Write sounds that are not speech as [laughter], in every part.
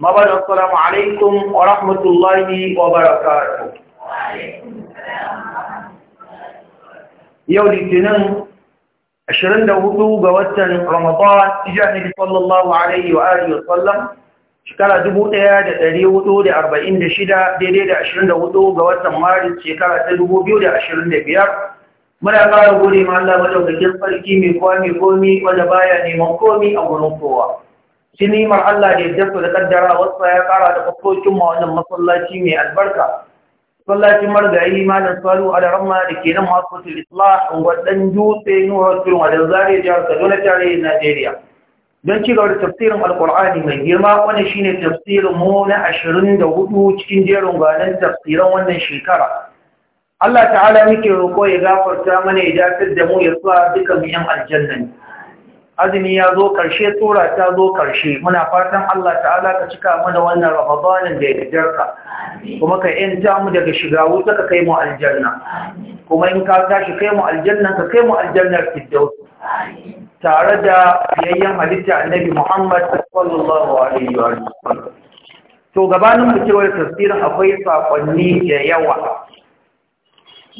Mabar assalamu alaikum wa rahmatullahi wa barakatuh. Yau litinin 24 ga watan Ramadan, Ijani sallallahu alaihi wa alihi wa sallam, shekara 1446 daidai da 24 ga watan Maris shekara ta 2025. muna fara gode ma da madaukakin sarki mai kowa mai komi wanda baya neman komi a gurin kowa shi nimar Allah da ya su da kaddara wasu ya kara da kwakwacin ma wannan masallaci mai albarka masallacin margayi malam salu a da ramma da ke nan masu hotel islah wadan dutse nuwar turin a da Zariya jihar kaduna da najeriya don ci gaba da tafsirin alkur'ani mai girma wani shine tafsirin mu na ashirin da hudu cikin jerin gwanon tafsiran wannan shekara Allah ta'ala muke roƙo ya gafarta mana ya dakatar da mu ya sa duka mu yan aljanna azumi ya zo karshe tsora ta zo karshe muna fatan Allah ta'ala ka cika mana wannan ramadanin da ya jarka kuma ka yanta mu daga shiga wuta ka kai mu aljanna kuma in ka tashi kai mu aljanna ka kai mu aljannar fiddaus tare da yayyan halitta annabi Muhammad sallallahu alaihi wa sallam to gabanin mu cewa tafsirin akwai sakonni da yawa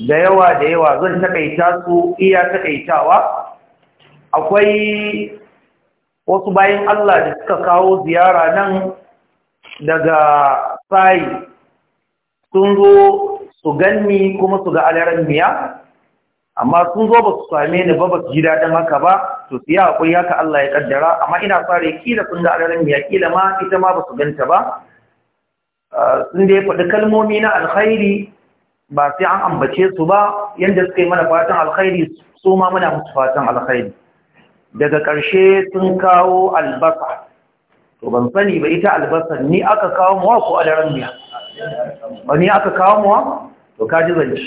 da yawa da yawa zan takaita su iya takaitawa akwai wasu bayan Allah da suka kawo ziyara nan daga sai sun zo su ganni kuma su ga alaran miya amma sun zo ba su same ni ba ba su ji daɗin haka ba to siya akwai haka Allah ya kaddara amma ina fara kila sun ga alaran miya kila ma ita ma ba su ganta ba ah, sun da ya faɗi kalmomi na alkhairi ba sai an ambace su ba yadda suka yi mana fatan alkhairi su ma muna musu fatan alkhairi daga ƙarshe sun kawo albasa to ban sani ba ita albasa ni aka kawo muwa ko adaran biya ba ni aka kawo muwa to kaji zance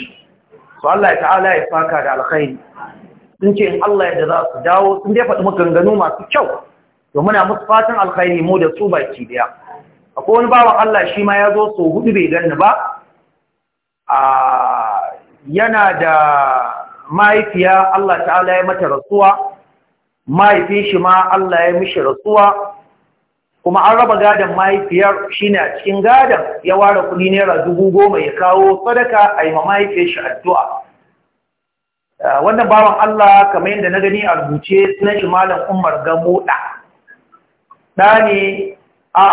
to Allah ya ta'ala ya faka da alkhairi sun ce in Allah yadda za su dawo sun dai faɗi maganganu masu kyau to muna musu fatan alkhairi mu da su baki daya akwai wani bawan Allah shi ma ya zo so hudu bai ganni ba a yana da mahaifiya Allah ta'ala ya mata rasuwa mahaifin shi ma Allah ya mishi rasuwa kuma an raba gadon mahaifiyar shi ne a cikin gadon ya ware kudi naira dubu goma ya kawo sadaka a yi ma mahaifin shi addu'a ah, wannan bawan Allah kamar yadda na gani a rubuce sunan shi malam umar gamo ɗa ne a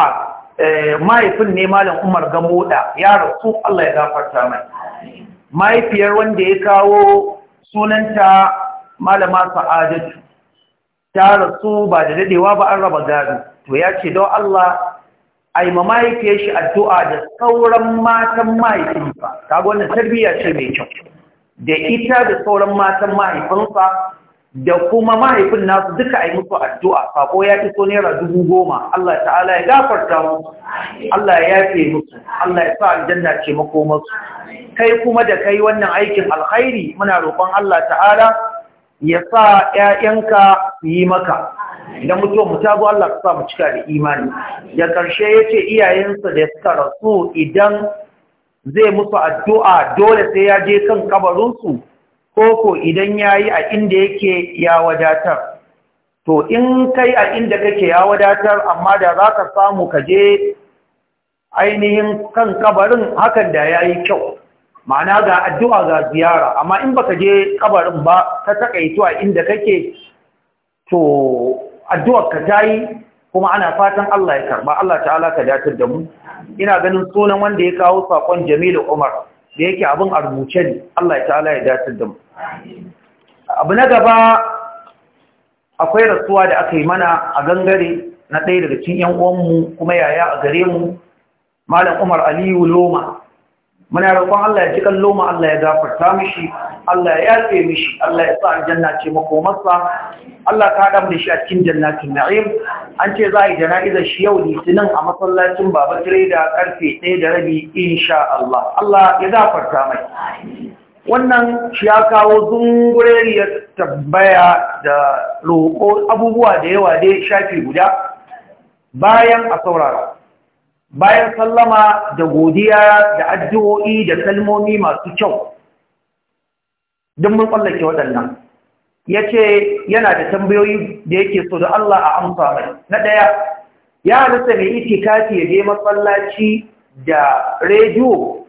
eh, mahaifin ne malam umar gamoda ya rasu Allah ya gafarta mai mahaifiyar wanda ya kawo sunanta malama sa'adatu ta rasu ba da daɗewa ba an raba gado to ya ce don Allah ai ma mahaifiyar shi addu'a da sauran matan mahaifinsa ta wannan tarbiyya ce mai kyau da ita da sauran matan mahaifinsa da kuma mahaifin nasu duka a yi musu addu'a sako ya iso naira dubu goma Allah ta'ala ya gafarta mu Allah ya yafe musu Allah ya sa aljanna ce makomarsu kai kuma da kai wannan aikin alkhairi muna roƙon Allah ta'ala ya sa ‘ya'yanka su yi maka idan mutuwa mu ta Allah sa mu cika da imani ya ƙarshe ya ce iyayensa da suka rasu idan zai musu addu'a dole sai ya je kan kabarinsu Ko idan ya yi a inda yake ya wadatar to in kai a inda kake ya wadatar amma da za ka samu ka je ainihin kan kabarin hakan da ya yi kyau ma'ana ga addu'a ga ziyara amma in baka je kabarin ba ta takaitu a inda kake to addu'arka ka tayi kuma ana fatan Allah ya karba Allah ta'ala ka datar da mu ina ganin sunan wanda ya kawo sakon Jamilu Umar da yake abin a rubuce ne Allah ta'ala ya datar da mu abu na gaba akwai rasuwa da aka yi mana a gangare na ɗaya daga cin 'yan uwanmu kuma yaya a gare mu malam umar aliyu loma muna roƙon Allah ya ci kallo mu Allah ya gafarta mishi Allah ya yafe mishi Allah ya sa aljanna ce makomarsa Allah ka haɗa da shi a cikin jannatin na'im an ce za a yi jana'izar shi yau litinin a masallacin baba tireda karfe ɗaya da rabi insha Allah Allah ya gafarta mai wannan shi ya kawo zungureriyar tambaya da roƙo abubuwa da yawa dai shafi guda bayan a saurara bayan sallama da godiya da addu'o'i da kalmomi masu kyau don mun tsallake waɗannan ya ce yana da tambayoyi da yake so da Allah a amsa mai na ɗaya ya halitta mai iti itikafi ya je matsalaci da rediyo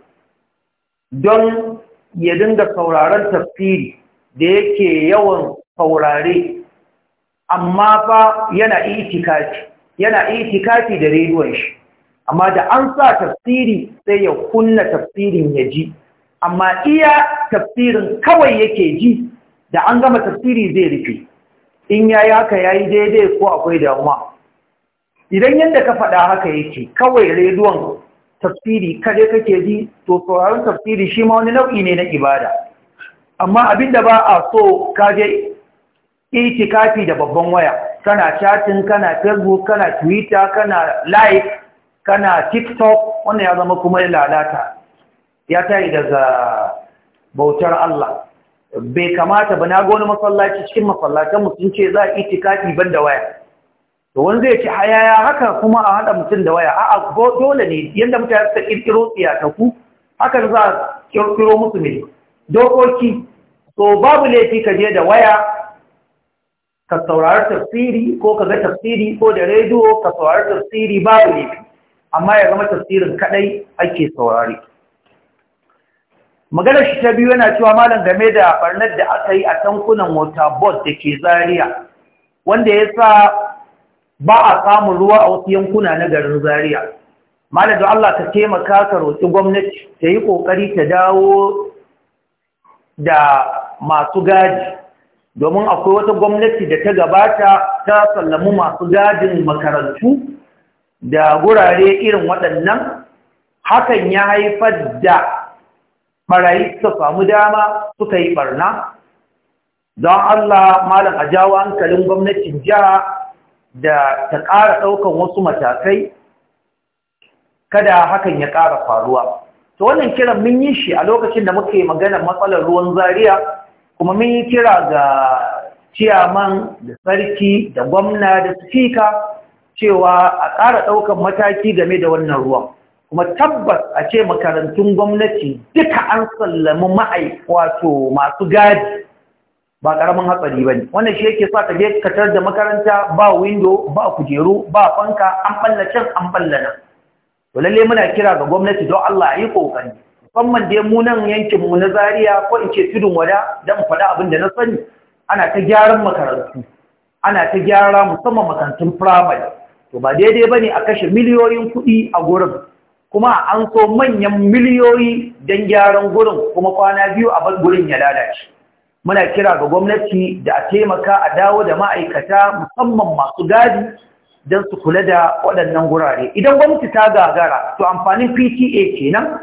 don ya dinga sauraron tafsiri da yake yawan saurare amma fa yana itikafi yana itikafi da rediyon shi amma da an sa tafsiri sai ya kunna tafsirin ya ji amma iya tafsirin kawai yake ji da an gama tafsiri zai rufe in ya yi haka ya yi daidai ko akwai damuwa idan yadda ka faɗa haka yake kawai rediyon tafsiri kare kake ji to sauraron tafsiri shi ma wani nau'i ne na ibada amma abinda ba a so kaje itikafi da babban waya kana chatin kana facebook kana twitter kana live kana tiktok wanda ya zama kuma ya lalata ya tayi daga bautar Allah bai kamata ba na ga wani masallaci cikin masallatan mu sun ce za a itikafi ban da waya to wani zai ci hayaya haka kuma a haɗa mutum da waya a'a dole ne yanda mutane suka kirkiro tsiyataku haka za a ƙirƙiro musu ne dokoki to babu laifi ka je da waya ka saurari tafsiri ko ka ga tafsiri ko da rediyo ka saurari tafsiri babu laifi amma ya zama tafsirin kadai ake saurari maganar shi ta biyu yana cewa malam game da barnar da aka yi a tankunan water board da ke zaria wanda ya sa ba a samun ruwa a wasu yankuna na garin zaria malam da Allah ka taimaka ka roƙi gwamnati ta yi ƙoƙari ta dawo da masu gaji domin akwai wata gwamnati da ta gabata ta sallamu masu gadin makarantu da gurare irin waɗannan hakan ya haifar da ɓarayi suka samu dama suka yi ɓarna don Allah malam a jawo hankalin gwamnatin jiha da ta ƙara ɗaukan wasu matakai kada hakan ya ƙara faruwa to wannan kiran mun yi shi a lokacin da muke maganar matsalar ruwan zaria kuma mun yi kira ga ciyaman da sarki da gwamna da sifika cewa a ƙara ɗaukar mataki game da wannan ruwan kuma tabbas a ce makarantun gwamnati duka an sallami ma'ai wato masu gadi ba ƙaramin hatsari ba ne wannan shi yake sa ka je katar da makaranta ba windo ba kujeru ba fanka an balla can an balla nan to lalle muna kira ga gwamnati don Allah a yi ƙoƙari musamman dai mu nan yankin mu na Zaria ko in ce tudun wada dan faɗa abin da na sani ana ta gyaran makarantu ana ta gyara musamman makarantun firamare to ba daidai ba ne a kashe miliyoyin kuɗi a gurin kuma an so manyan miliyoyi don gyaran gurin kuma kwana biyu a bar gurin ya lalace muna kira ga gwamnati da a taimaka a dawo da ma'aikata musamman masu gadi don su kula da waɗannan gurare idan gwamnati ta gagara to amfanin pta kenan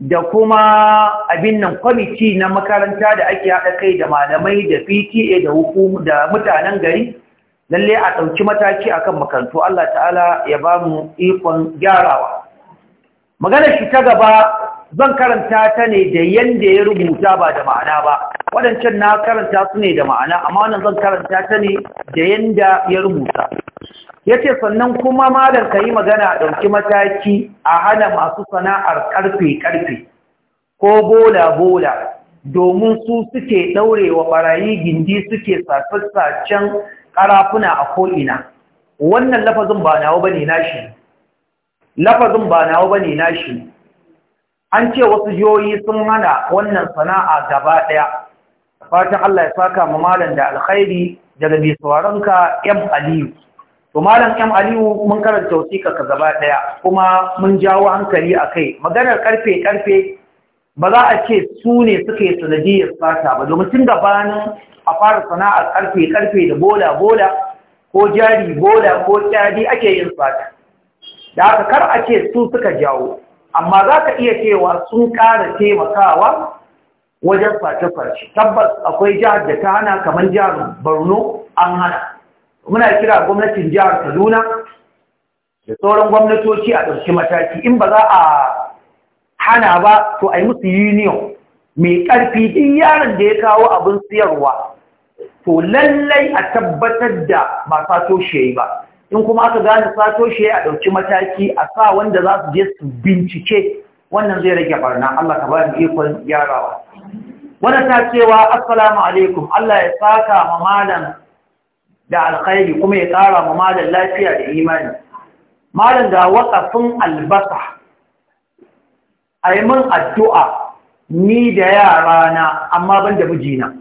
da kuma abin nan kwamiti na makaranta da ake haɗa kai da malamai da pta da mutanen gari lalle a ɗauki mataki akan makarantu Allah ta'ala ya ba mu ikon gyarawa Magana shi ta gaba zan karanta ta ne da yanda ya rubuta ba da ma'ana ba waɗancan na karanta su ne da ma'ana amma wannan zan karanta ta ne da yanda ya rubuta yace sannan kuma malam ka yi magana a ɗauki mataki a hana masu sana'ar karfe-karfe ko bola-bola domin su suke ɗaurewa ɓarayi gindi suke sassaccen ƙarafuna a ko'ina wannan lafazin ba nawa bane nashi lafazin ba nawa bane nashi an ce wasu jihohi sun hana wannan sana'a gaba ɗaya fatan Allah ya saka mu malam da alkhairi daga mai sauraronka M Aliyu to malam M Aliyu mun karanta wasiƙa ka gaba ɗaya kuma mun jawo hankali akai maganar karfe karfe ba za a ce su ne suka yi sanadiyar fata ba domin tun gabanin a fara sana'ar karfe karfe da bola bola ko jari bola ko tsadi ake yin sata da haka kar a ce su suka jawo amma za ka iya cewa sun ƙara taimakawa wajen face-face tabbas akwai jihar da ta hana kamar jihar borno an hana muna kira gwamnatin jihar kaduna da sauran gwamnatoci a ɗauki mataki in ba za a hana ba to a yi musu union mai ƙarfi din yaron da ya kawo abin siyarwa to lallai a tabbatar da ba sato shi ba in kuma aka gane sato shi a ɗauki mataki a sa wanda za su je su bincike wannan zai rage barna Allah ka ba mu ikon yarawa Wani ta cewa assalamu alaikum Allah ya saka ma malam da alkhairi kuma ya tsara ma malam lafiya da imani malam ga waƙafin albasa a yi min addu'a ni da yarana amma ban da mijina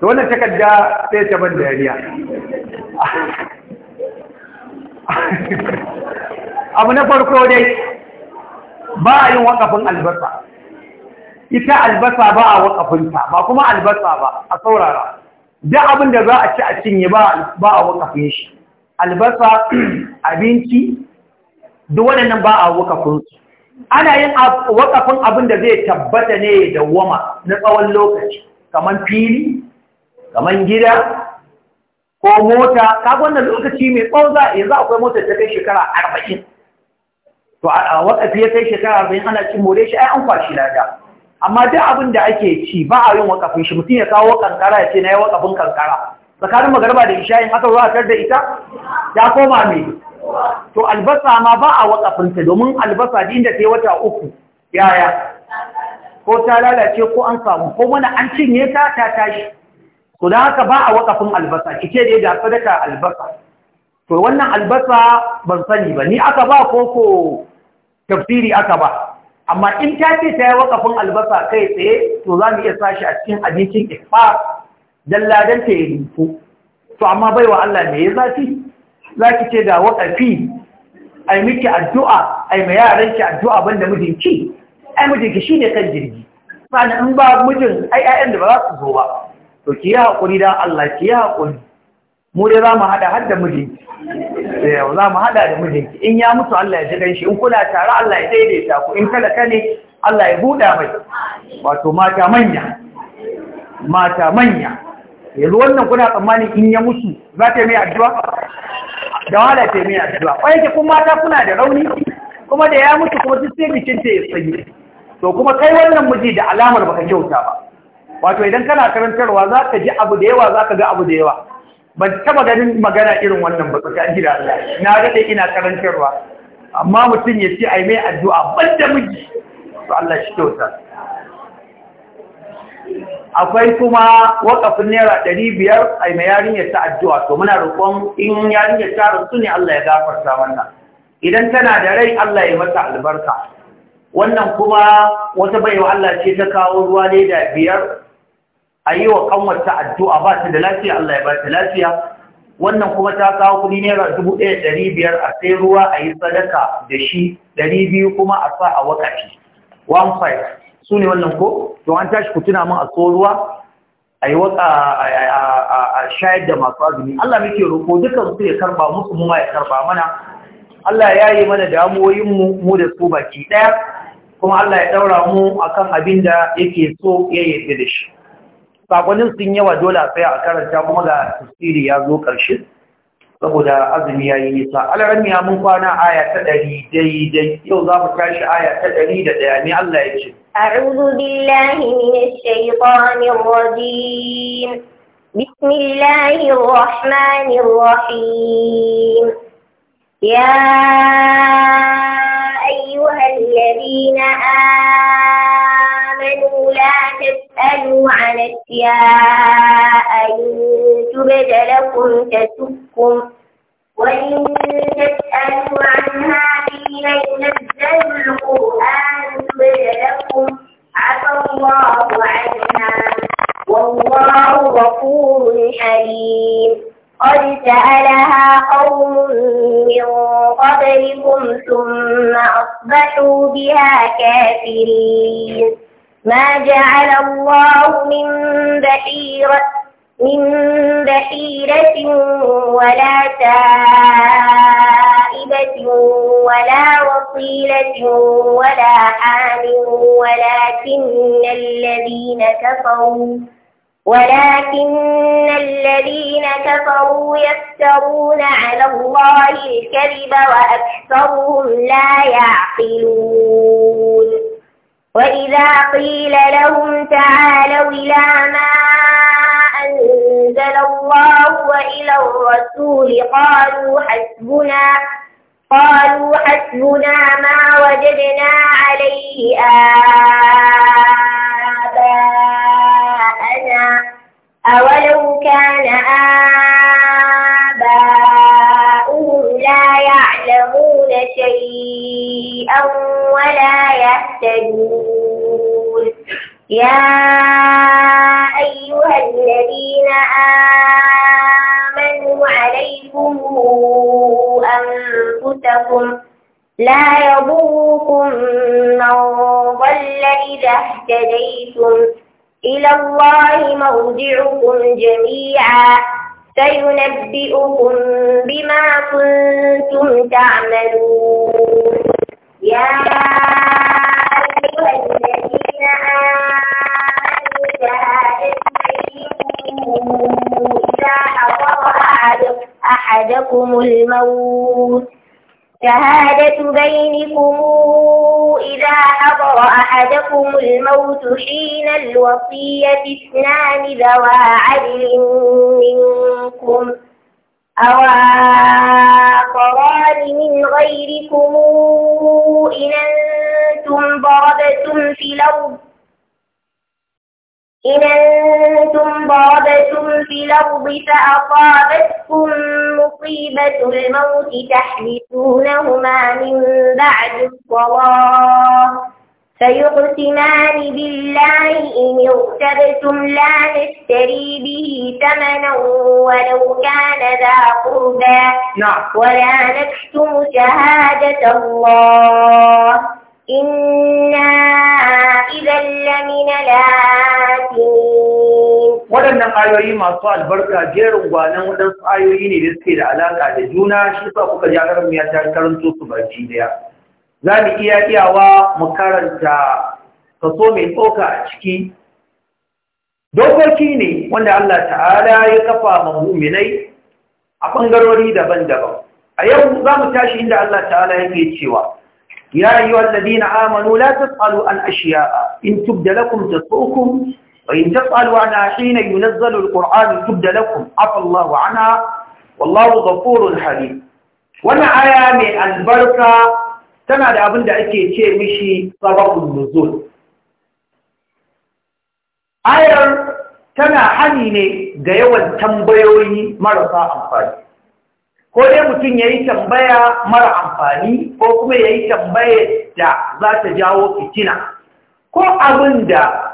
to wannan takarda sai ta ban dariya abu na farko dai ba a yin wakafin albasa ita albasa ba a wakafinta ba kuma albasa ba a saurara duk abin da za a ci a cinye ba a wakafin shi albasa [clears throat] abinci duk waɗannan ba a wakafinsu ana yin wakafin abin da zai tabbata ne da wama na tsawon lokaci kamar fili kamar gida ko mota kaga wannan lokaci mai tsawo za akwai mota ta kai shekara arba'in to a wakafi ya kai shekara arba'in ana cin more shi ai an kwashi lada amma duk abin da ake ci ba a yin wakafin shi mutum ya kawo kankara ya ce na yi wakafin kankara tsakanin magarba da isha'in aka zuwa tar da ita ya koma me. to albasa ma ba a wakafinta domin albasa din da ta yi wata uku yaya ko ta lalace ko an samu ko wani an cinye ta ta tashi kuda da haka ba a wakafin albasa ki ce dai da sadaka albasa to wannan albasa ban sani ba ni aka ba koko tafsiri aka ba amma in ta ce ta yi wakafin albasa kai tsaye to za mu iya sashi a cikin abincin ifa dalladan ta yi rufu to amma bai wa Allah me ya zafi za ki ce da wakafi ai miki addu'a ai ma yaran ki addu'a banda mijinki ai mijinki ne kan jirgi sannan in ba mijin ai ƴaƴan da ba za su zo ba to ki yi haƙuri da Allah ki yi haƙuri mu dai za mu haɗa har da mijinki za mu haɗa da mijinki in ya mutu Allah ya ji ganshi in kuna tare Allah ya daidaita ku in talaka ne Allah ya buɗa mai wato mata manya mata manya yanzu wannan kuna tsammanin in ya mutu za ta yi mai addu'a da wahala ta yi mai addu'a ƙwai ke kuma mata kuna da rauni kuma da ya mutu kuma duk sai bikin ta ya sanyi to kuma kai wannan miji da alamar baka kyauta ba wato idan kana karantarwa za ka ji abu da yawa za ka ga abu da yawa ban taba ganin magana irin wannan ba tsakanin da Allah na daɗe ina karantarwa amma mutum ya ce ai mai addu'a ban da miji to Allah shi kyauta akwai kuma wakafin naira ɗari biyar ai mai yarinyar ta addu'a to muna roƙon in yarinyar ta rasu ne Allah ya gafarta wannan. idan tana da rai Allah ya mata albarka wannan kuma wata baiwa Allah ce ta kawo ruwa leda biyar a yi wa kanwarta addu'a ba ta da lafiya Allah ya ba ta lafiya wannan kuma ta kawo kuɗi naira dubu ɗaya ɗari biyar a sai ruwa a yi sadaka da shi ɗari biyu kuma a sa a wakashi one five su ne wannan ko to an tashi ku tuna min a so ruwa a yi waka a shayar da masu azumi Allah muke roƙo dukan su ya karba musu mu ma ya karba mana Allah ya yi mana damuwoyin mu mu da su baki ɗaya kuma Allah ya ɗaura mu akan abin da yake so ya yarda da shi sakonin sun yawa dole a tsaya a karanta kuma ga tafsiri ya zo ƙarshe saboda azumi ya yi nisa alarami ya mun kwana aya ta ɗari daidai yau za mu tashi aya ta ɗari da ɗaya ne Allah ya ce أعوذ بالله من الشيطان الرجيم بسم الله الرحمن الرحيم يا أيها الذين آمنوا آمنوا لا تسألوا عن أشياء إن تبد لكم تسكم وإن تسألوا عنها حين ينزل القرآن تبد لكم عفى الله عنها والله غفور حليم قد سألها قوم من قبلكم ثم أصبحوا بها كافرين ما جعل الله من بحيرة من بحيرة ولا تائبة ولا وصيلة ولا حام ولكن الذين كفروا ولكن الذين كفروا يفترون على الله الكذب وأكثرهم لا يعقلون وإذا قيل لهم تعالوا إلى ما أنزل الله وإلى الرسول قالوا حسبنا قالوا حسبنا ما وجدنا عليه آه يا أيها الذين آمنوا عليكم أنفسكم لا يضركم من ضل إذا اهتديتم إلى الله مرجعكم جميعا فينبئكم بما كنتم تعملون يا أحدكم الموت شهادة بينكم إذا حضر أحدكم الموت حين الوصية اثنان ذوى عدل منكم أواقران من غيركم إن أنتم ضربتم في الأرض إن أنتم ضربتم في الأرض فأصابتكم مصيبة الموت تحبسونهما من بعد الصلاة فيقسمان بالله إن ارتبتم لا نشتري به ثمنا ولو كان ذا قربى نعم ولا نكتم شهادة الله إنا إذا لمن الآثمين waɗannan ayoyi masu albarka jerin gwanan waɗansu ayoyi ne da suke da alaƙa da juna shi sa kuka ji a ya ta karanto su baki daya za mu iya iyawa mu karanta kaso mai tsoka a ciki dokoki ne wanda Allah ta'ala ya kafa ma mu'minai a bangarori daban-daban a yau za mu tashi inda Allah ta'ala yake cewa ya yi wallazina amanu la tasalu an ashiya'a in tubda lakum tasukum wa in tasalu an hina yunazzalu alquran tubda lakum afa Allahu anha wallahu ghafurun halim wannan aya mai albarka tana da abin da ake ce mishi sababin nuzul ayar tana hani ne ga yawan tambayoyi marasa amfani ko dai mutum ya yi tambaya mara amfani ko kuma ya yi tambaya da za ta jawo fitina ko abin da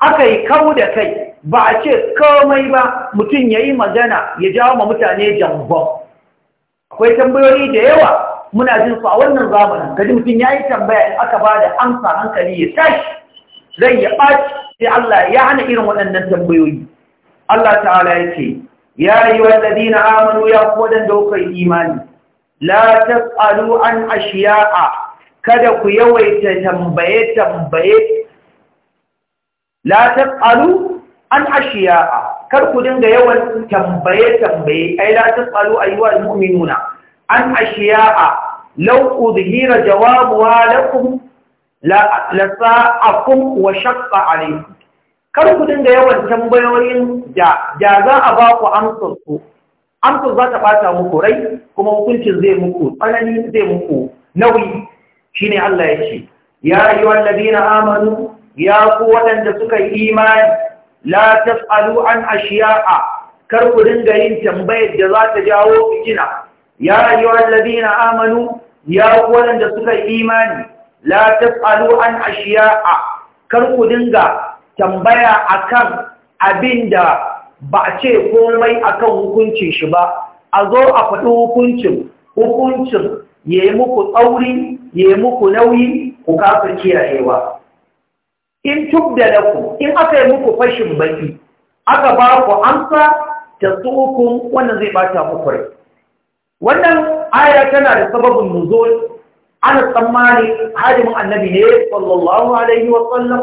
aka yi kawo da kai ba a ce komai ba mutum ya yi magana ya jawo ma mutane jambon akwai tambayoyi da yawa muna jin su a wannan zamanin kaji mutum ya yi tambaya in aka ba da amsa hankali ya tashi zai ya ɓaci sai Allah ya hana irin waɗannan tambayoyi Allah ta'ala ya ce ya yi wallazi na amanu ya dan daukar imani la tas'alu an ashiya'a kada ku yawaita tambaye tambaye la tas'alu an ashiya'a kar ku dinga yawan tambaye tambaye ai la tas'alu ayyuhal mu'minuna an ashiya'a law udhira jawabuha lakum la lasa'akum wa shaqqa alaykum kar ku dinga yawan tambayoyin da za a ba ku amsar ku amsar za ta bata muku rai kuma hukuncin zai muku tsanani zai muku nauyi shine Allah ya ce ya ayyuhal ladina amanu ya ku waɗanda suka yi imani la tas'alu an ashiya'a kar ku dinga yin tambayar da za ta jawo fitina ya ayyuhal ladina amanu ya waɗanda suka yi imani la tasalu an ashiya'a kar ku dinga tambaya akan abinda ba a ce komai akan hukuncin shi ba a zo a faɗi hukuncin hukuncin ya yi muku tsauri ya yi muku nauyi ku kafa kiyayewa in tuk da in aka yi muku fashin baki aka ba ku amsa ta tsokun wannan zai bata muku rai wannan aya tana da sababin nuzul ana tsammani hadimin annabi ne sallallahu alaihi wa sallam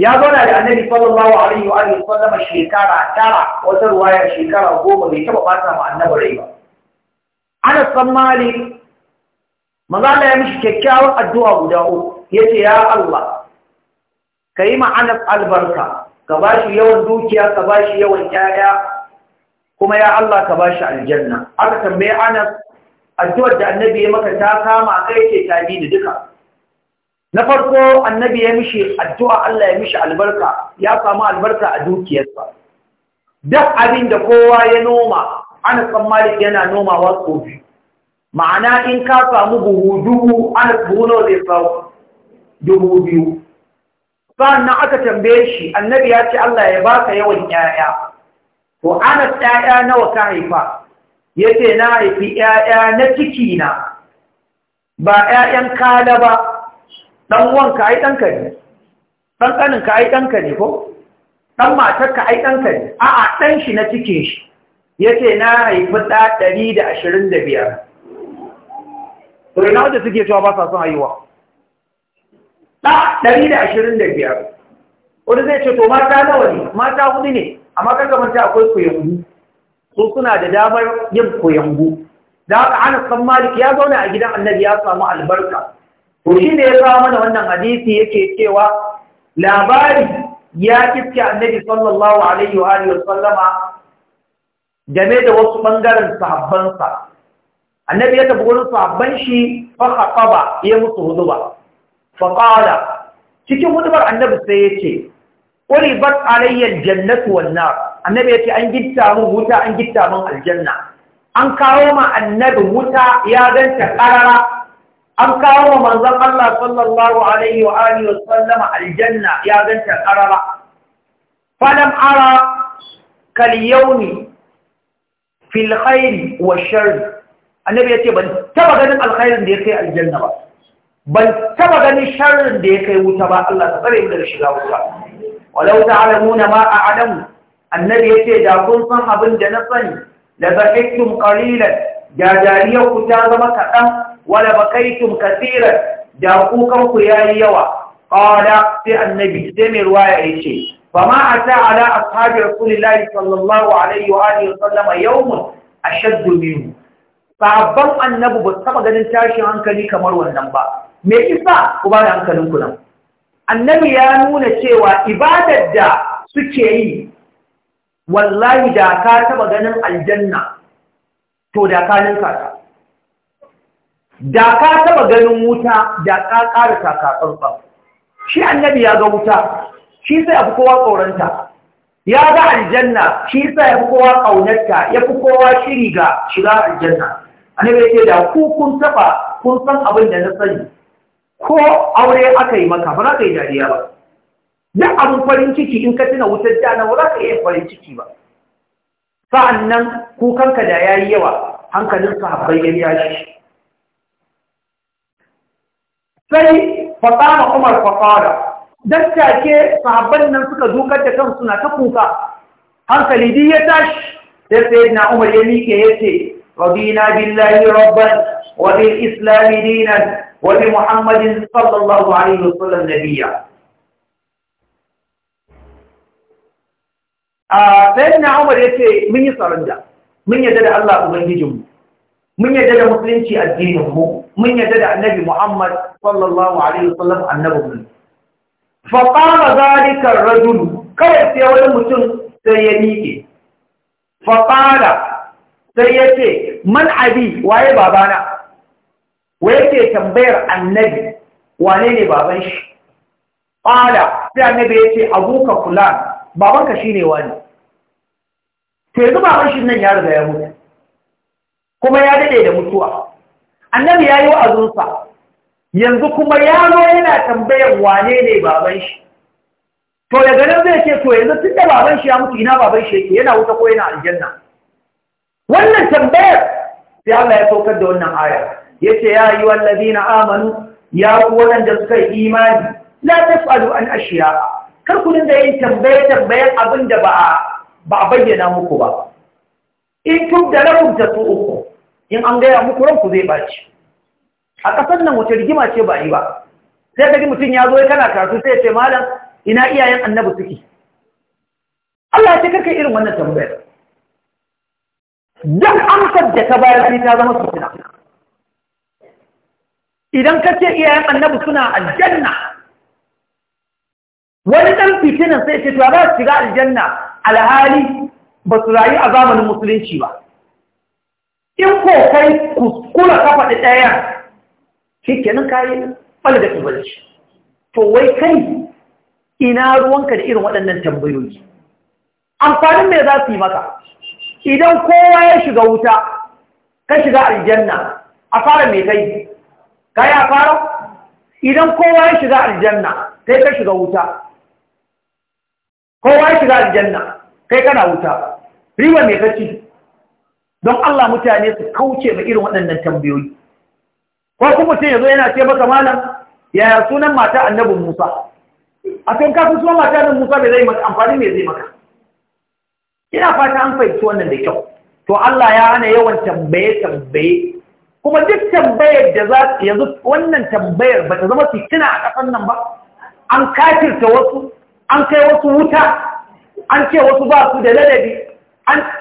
ya zauna da annabi sallallahu alaihi wa sallam shekara tara wata ruwaya shekara goma bai taba fata ma annabi rai ba ana tsammani maza Allah ya mishi kyakkyawan addu'a guda uku yace ya Allah Ka yi ma'anar albarka ka bashi yawan dukiya ka ba shi yawan ƴaƴa kuma ya Allah ka bashi aljanna aka tambaye Anas addu'ar da annabi ya maka ta kama kai ce ta bi da duka na farko annabi ya mishi addu'a Allah ya mishi albarka ya samu albarka a dukiyarsa duk abin da kowa ya noma Anas bin Malik yana nomawa tsofi ma'ana in ka samu buhu dubu Anas buhu nawa zai samu dubu biyu sannan aka tambaye shi annabi ya ce Allah ya baka yawan 'ya'ya. to anas ƴaƴa nawa ka haifa Ya ce na haifi 'ya'ya na ciki na ba 'ya'yan kala ba dan ka ai danka ne dan ka ai danka ne ko matar ka ai danka ne a'a ɗan shi na cikin shi Ya ce na haifi da ashirin da to ina wanda suke cewa ba sa sun haihuwa da ashirin da biyar. Wani zai ce to mata nawa ne mata hudu ne amma kan kamar ta akwai koyangu so suna da damar yin koyangu da haka ana san Malik ya zauna a gidan Annabi ya samu albarka to shi ne ya kawo mana wannan hadisi yake cewa labari ya kiske Annabi sallallahu alaihi wa alihi wasallama game da wasu bangaren sahabbansa Annabi ya tafi wurin sahabban shi fa khataba ya musu huduba fa qala cikin hudubar Annabi sai ya ce quribat alayya aljannatu jannatu wannan. annabi ya ce an gitta mun wuta an gitta mun aljanna an kawo ma annabi wuta ya ganta ƙarara. an kawo ma manzon Allah sallallahu alaihi wa alihi wa sallama aljanna ya ganta ƙarara. falam ara kal yawmi fil khair wa shar annabi ya ce ban taba ganin alkhairin da ya kai aljanna ba ban taba ganin sharrin da ya kai wuta ba Allah ta tsare mu daga shiga wuta walau ta'lamuna ma Adamu, annabi yace da kun san abin da na sani la bakaytum qalilan da dariyar ku ta zama kaɗan wala bakaytum kaseeran da kukan ku yayi yawa qala sai annabi sai mai ruwaya yace فما أتى على أصحاب رسول الله صلى الله عليه وآله وسلم يوم أشد منه sabon annabu ba taba ganin tashin hankali kamar wannan ba me isa ku ba da hankalin ku nan annabi ya nuna cewa ibadar da suke yi wallahi da ka taba ganin aljanna to da ka ninka ta da ka taba ganin wuta da ka ƙara takatsantsan shi annabi ya ga wuta shi sai abu kowa tsoronta ya ga aljanna shi sai ya fi kowa ƙaunarta ya fi kowa shiri ga shiga aljanna annabi ya ce da ku kun taba kun san abin da na sani ko aure aka yi maka ba za ka yi dariya ba na abin farin ciki in ka tuna wutar dana, ba za ka yi farin ciki ba sa'an nan kukanka da ya yi yawa hankalin sahabbai ya shi sai fasama umar fasara don take sahabban nan suka dukar da kansu na ta kuka hankali biyu ya tashi sai sai na umar ya nike ya ce rabina billahi rabban wa bil islami dinan wani muhammadin sallallahu alaihi wa sallam na biya. Umar ya ce, Mun yi tsaron da, mun yadda da Allah ɗan gijinmu, mun yadda da musulunci a jininmu, mun yadda da annabi Muhammad sallallahu Alaihi Wasallam annabu mun. Fafa ma za a kawai sai ya wani mutum sai ya nike. Fafa sai yace ce, Man abi, waye babana? Wai yake tambayar annabi wane ne baban shi ƙwada sai annabi ya ce abuka kula babanka shi ne wani ta baban shi nan ya riga ya mutu kuma ya daɗe da mutuwa annabi ya yi wa'azinsa yanzu kuma yaro yana tambayar wane ne baban shi to daga nan zai ce to yanzu tun da baban shi ya mutu ina baban shi yake yana wuta ko yana aljanna wannan tambayar sai Allah ya saukar da wannan ayar yace ya ayu allazina amanu ya ku da suka yi imani la tasalu an ashiya kar ku dinga yin tambaye tambayen abin da ba ba bayyana muku ba in tubda lakum uku, in an gaya muku ranku zai baci a ƙasar nan wata rigima ce ba yi ba sai kaji mutum ya zo kana karatu sai ya ce malam ina iyayen annabi suke Allah ya ce karka irin wannan tambayar Dan amsar da ta bayar sai ta zama tuna. idan ka ce iyayen annabi suna aljanna wani ɗan fitinan sai ce tuwa za su shiga aljanna alhali ba su rayu a zamanin musulunci ba in ko kai kuskura ka faɗi ɗaya shi kenan kayi ɓal da tubalci to wai kai ina ruwanka da irin waɗannan tambayoyi amfanin me za su yi maka idan kowa ya shiga wuta ka shiga aljanna a fara mai kai ka ya fara idan kowa ya shiga aljanna kai ka shiga wuta kowa ya shiga aljanna kai kana wuta riba mai kaci don Allah mutane su kauce ma irin waɗannan tambayoyi ko kuma sai yazo yana ce maka malam yaya sunan mata annabin Musa a kan kafin sunan mata annabi Musa bai zai maka amfani me zai maka ina fata an fahimci wannan da kyau to Allah ya hana yawan tambaye tambaye kuma duk tambayar da za yanzu wannan tambayar ba ta zama fitina a ƙasar nan ba an kafirta wasu an kai wasu wuta an ce wasu ba su da ladabi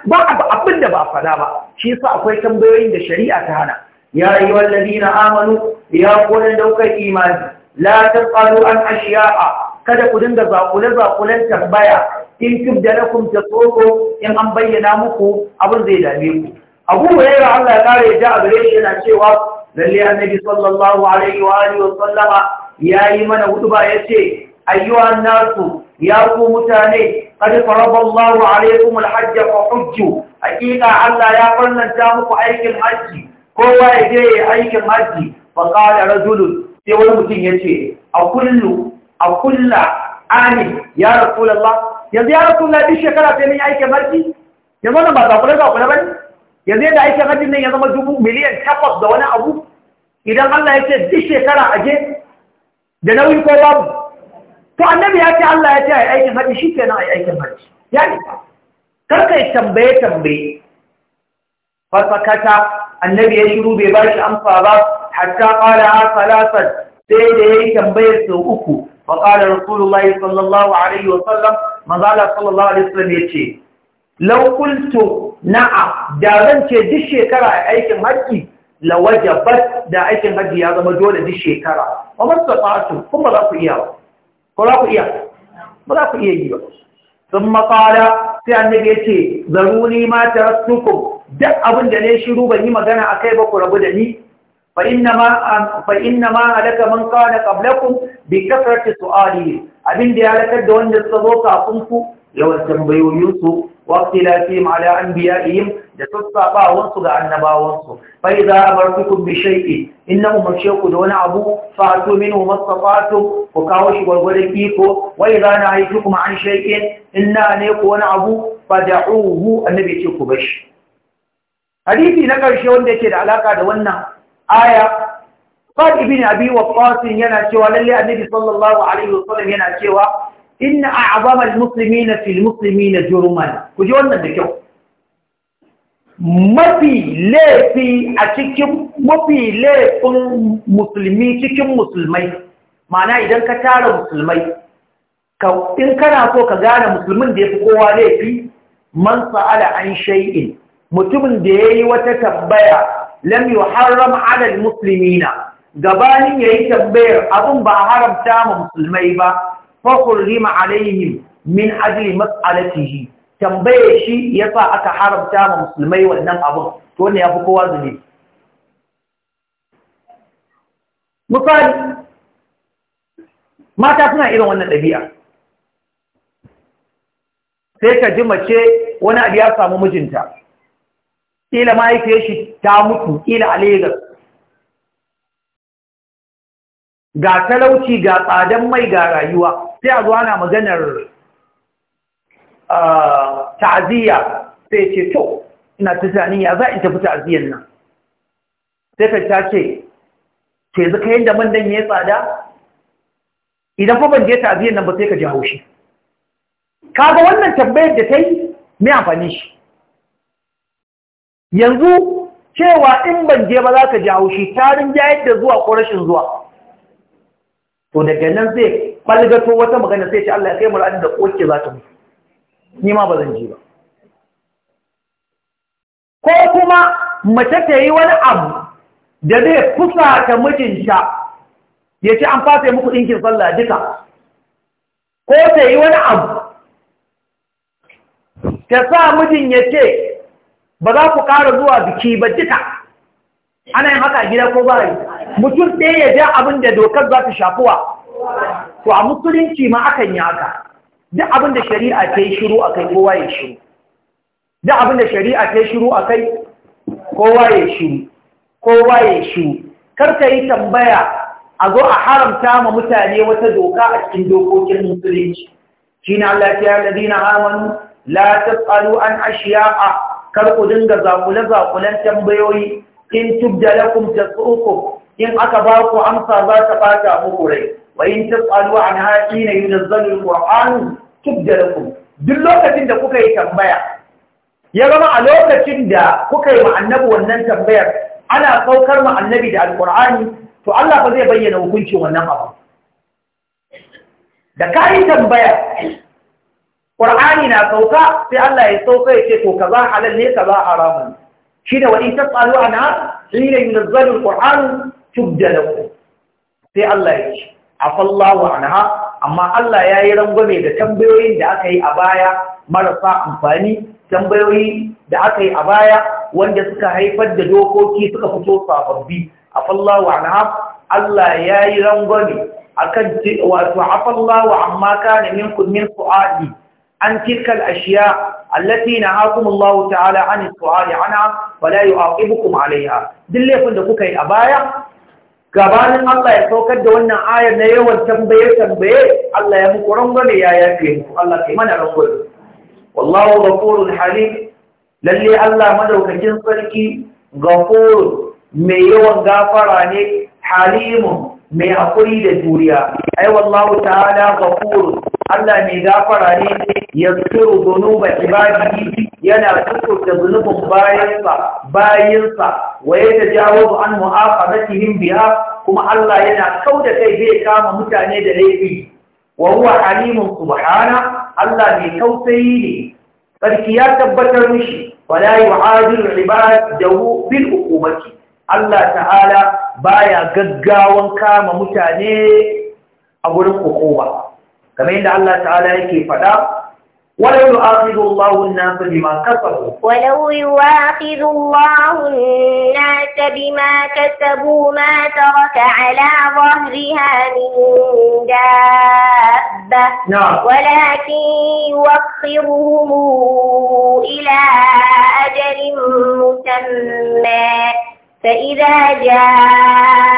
ba abin da ba fada ba shi yasa akwai tambayoyin da shari'a ta hana ya ayyuhal ladina amanu ya kullun daukar imani la tasalu an ashiya'a kada ku dinga zakule zakulen tambaya in tubda lakum tasoko in an bayyana muku abin zai dame ku abu hurairah Allah ya kare ya a gare shi yana cewa lalle annabi sallallahu alaihi wa alihi wa sallama yayi mana hutuba yace ayyuhan nasu ya ku mutane qad faraballahu alaikum alhajj fa hujju haqiqa Allah ya farnanta muku aikin haji kowa ya je aikin haji fa qala rajul sai wani mutum yace a kullu a kulla ani ya rasulullah yanzu ya rasulullah duk shekara sai mun yi aikin haji yanzu wannan ba ku zakure bane yanzu yadda aikin hajji nan ya zama dubu miliyan takwas da wani abu idan Allah ya ce duk shekara aje? da nauyi ko babu to annabi ya ce Allah ya ce a aikin hajji shi kenan a aikin hajji ya ne karka yi tambaye tambaye fasakata annabi ya shiru bai ba shi amsa ba hatta qala ha salasat sai da ya yi tambayar sau uku fa qala rasulullahi sallallahu alaihi wa sallam manzo sallallahu alaihi wa sallam ce. laukultu na'a da zan ce duk shekara a aikin haji lawajabat da aikin haji ya zama dole duk shekara ba masu fatu kuma za ku iya ba ko za ku iya ba za ku iya yi ba sun makala sai daga ya ce zaruni ma ta duk abin da ne shiru ban yi magana a kai ba ku rabu da ni fa'inna ma halaka man kana ƙablakun bi kasarci su'ali abin da ya rikar da wanda suka zo kafin ku yawan tambayoyinsu واختلافهم على أنبيائهم جسد باونس عن باونس فإذا أمرتكم بشيء إنه مرشيك دون أبو فأتوا منه ما استطعتم وكاوش والولكيكو وإذا نهيتكم عن شيء إنا أنيك ونعبو فدعوه النبي تيكو بش حديثي نكر شيء وانده كده علاقة دوانا آية قال ابن أبي وقاس ينا شوى للي النبي صلى الله عليه وسلم ينا شوى inna a'zamal muslimina fil na jurman ku ji wannan da kyau mafi laifi a cikin mafi laifin musulmi cikin musulmai mana idan ka tara musulmai in kana so ka gane musulmin da ya fi kowa laifi man sa'ala an shay'in mutumin da ya yi wata tambaya lam yuharram musulmi na. gabanin yayi tambayar abin ba haramta ma musulmai ba Rima alaihim min ajli mas'alatihi tambaye shi yasa aka haramta ma musulmai wannan abu to ne yafi kowa zuri misali mata suna irin wannan dabi'a sai ka ji mace wani abu ya samu mijinta kila mahaifiyar shi ta mutu kila a ga talauci ga tsadan mai ga rayuwa sai a zo ana maganar ah, ta'aziyya sai ce to ina tunanin ya za in tafi ta'aziyyar nan sai ka ta ce ke zaka yadda man dan ya tsada idan fa ban je ta'aziyyar nan ba sai ka ji haushi kaga wannan tambayar da ta yi mai amfani shi yanzu cewa in ban je ba za ka ji haushi tarin ya yadda zuwa ko rashin zuwa to daga nan zai balgato wata magana sai ce Allah ya kai mu da koke za ta mutu ni ma ba zan ji ba ko kuma mace ta yi wani abu da zai fusata ta mijinta ya ce an fasa muku ɗinkin sallah duka ko ta yi wani abu ta sa mijin ya ce ba za ku ƙara zuwa biki ba duka ana yin haka a gida ko ba a yi mutum ɗaya ya ja abin da dokar za ta shafuwa to a musulunci ma akan yi haka duk abin da shari'a ta yi shiru a kai kowa ya shiru duk abin da shari'a ta yi shiru a kai kowa ya shiru kowa ya shiru kar ka yi tambaya a zo a haramta ma mutane wata doka a cikin dokokin musulunci shi na lafiya ladina amanu la tasalu an ashiya'a kar ku dinga zakule zakulen tambayoyi in tubda lakum tasukum in aka ba ku amsa za ta bata muku rai wa in tasalu an haƙi na yunazzalu alquran tubda lakum duk lokacin da kuka yi tambaya ya zama a lokacin da kuka yi annabi wannan tambayar ana saukar ma annabi da alqur'ani to Allah ba zai bayyana hukuncin wannan abu da kai tambaya Qur'ani na sauka sai Allah ya sauka ya ce to kaza halal ne kaza haramun shine wa in tasalu anha hina yunazzalu alquran tubda ku sai Allah ya ce afallahu anha amma Allah ya yi rangwame da tambayoyin da aka yi a baya marasa amfani tambayoyi da aka yi a baya wanda suka haifar da dokoki suka fito sababbi afallahu anha Allah ya yi rangwame akan wato afallahu amma kana minkum min su'adi, an tilkal ashiya allati nahakum Allah ta'ala an su'ali anha wala yu'aqibukum alaiha duk laifin da kuka yi a baya gabanin Allah ya saukar da wannan ayar na yawan tambaye tambaye Allah ya muku rangwame ya yafe Allah kai mana rangwame wallahu gafurun halin! lalle Allah madaukakin sarki ghafur mai yawan gafara ne halimun mai haƙuri da juriya ai wallahu ta'ala ghafur Allah mai gafara ne yaghfiru dhunuba ibadihi yana tukurta zunubin bayansa bayansa wa yatajawazu an mu'aqabatihim biha kuma Allah yana kauda kai zai kama mutane da laifi wa huwa alimun subhana Allah mai tausayi ne sarki ya tabbatar mishi wala yu'adilu ibadahu bil hukumati Allah ta'ala baya gaggawan kama mutane a gurin hukuma kamar yadda Allah ta'ala yake faɗa ولو يؤاخذ الله الناس بما كسبوا ولو يؤاخذ الله الناس بما كسبوا ما ترك على ظهرها من دابة نعم ولكن يوخرهم إلى أجل مسمى فإذا جاء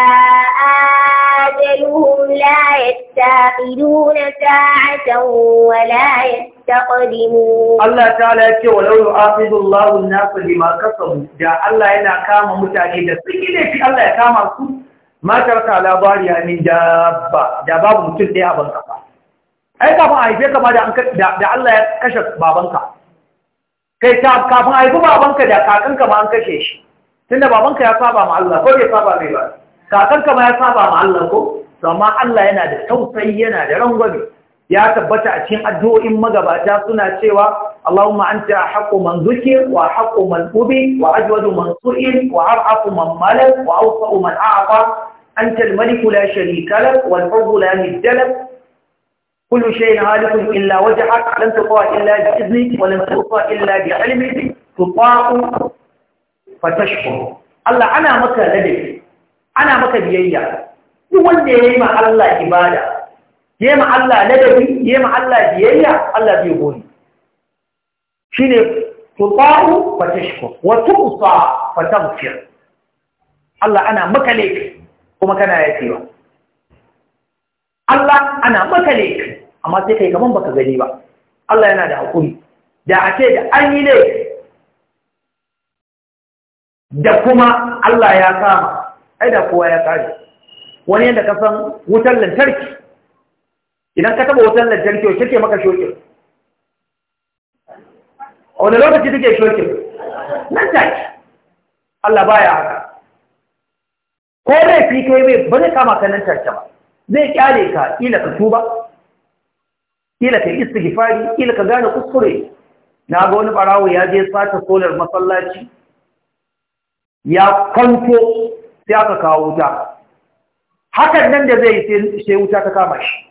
آجلهم لا يستاخدون ساعة ولا يستقدمون الله تعالى يقول ولو يؤاخذ الله الناس بما كسبوا جاء الله هنا كام متعجدا سيكي إذا في الله كام أكون ما ترك على باريا يعني من جابا جاباب متل ديها بنكفا أي إذا أي فيك ما جاء دا الله كشف بابنكا كي تاب كافا أي فيك بابنكا جاء كاكنكا ما أنكشيش tunda babanka ya saba ma Allah ko bai saba mai ba kakanka ma ya saba ma Allah ko to amma Allah yana da tausayi yana da rangwame ya tabbata a cikin addu'o'in magabata suna cewa Allahumma anta haqqu man zukir wa haqqu man ubi wa ajwadu man su'il wa ar'afu man malak wa awsa'u man a'ta anta al-malik la sharika lak wal hubbu la nidda kullu shay'in halikun illa wajhak lan tuqa illa bi idnik wa lan tuqa illa bi ilmik fatashkur Allah ana maka ladabi ana maka biyayya duk wanda ya yi ma Allah ibada ya yi ma Allah ladabi ya yi ma Allah biyayya Allah zai gode shine tuta'u fatashkur wa tuqsa fataghfir Allah ana maka laifi kuma kana yafewa Allah ana maka laifi amma sai kai kaman baka gani ba Allah yana da hakuri da ake da an yi laifi da kuma Allah ya kama ai da kowa ya kare wani yadda ka san wutar lantarki idan ka taba wutar lantarki wacce ke maka shokin a wani lokaci take shokin nan take Allah baya haka ko fi kai mai ba kama ka nan take ba zai kyale ka ila ka tuba ila ka istighfari ila ka gane kuskure na ga wani barawo ya je sata solar masallaci ya kwanto sai aka kawo wuta hakan nan da zai yi sai wuta ta kama shi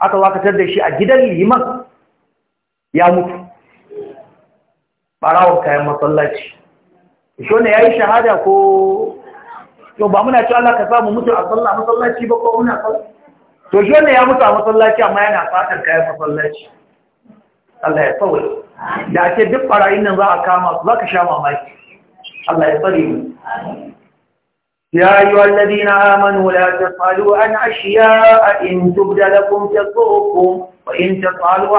aka wakatar da shi a gidan liman ya mutu barawon kayan masallaci shi wanda ya yi shahada ko yau ba muna ci Allah ka samu mutu a sallah masallaci ba ko muna sallah to shi wanda ya mutu a masallaci amma yana fatar kayan masallaci Allah ya tsawai da ake duk barayin nan za a kama su za ka sha mamaki Allah ya tsari mu. Ya yi wallazi na amanu la ta falu an ashiya a in tubda lakum ta tsohon wa in ta falu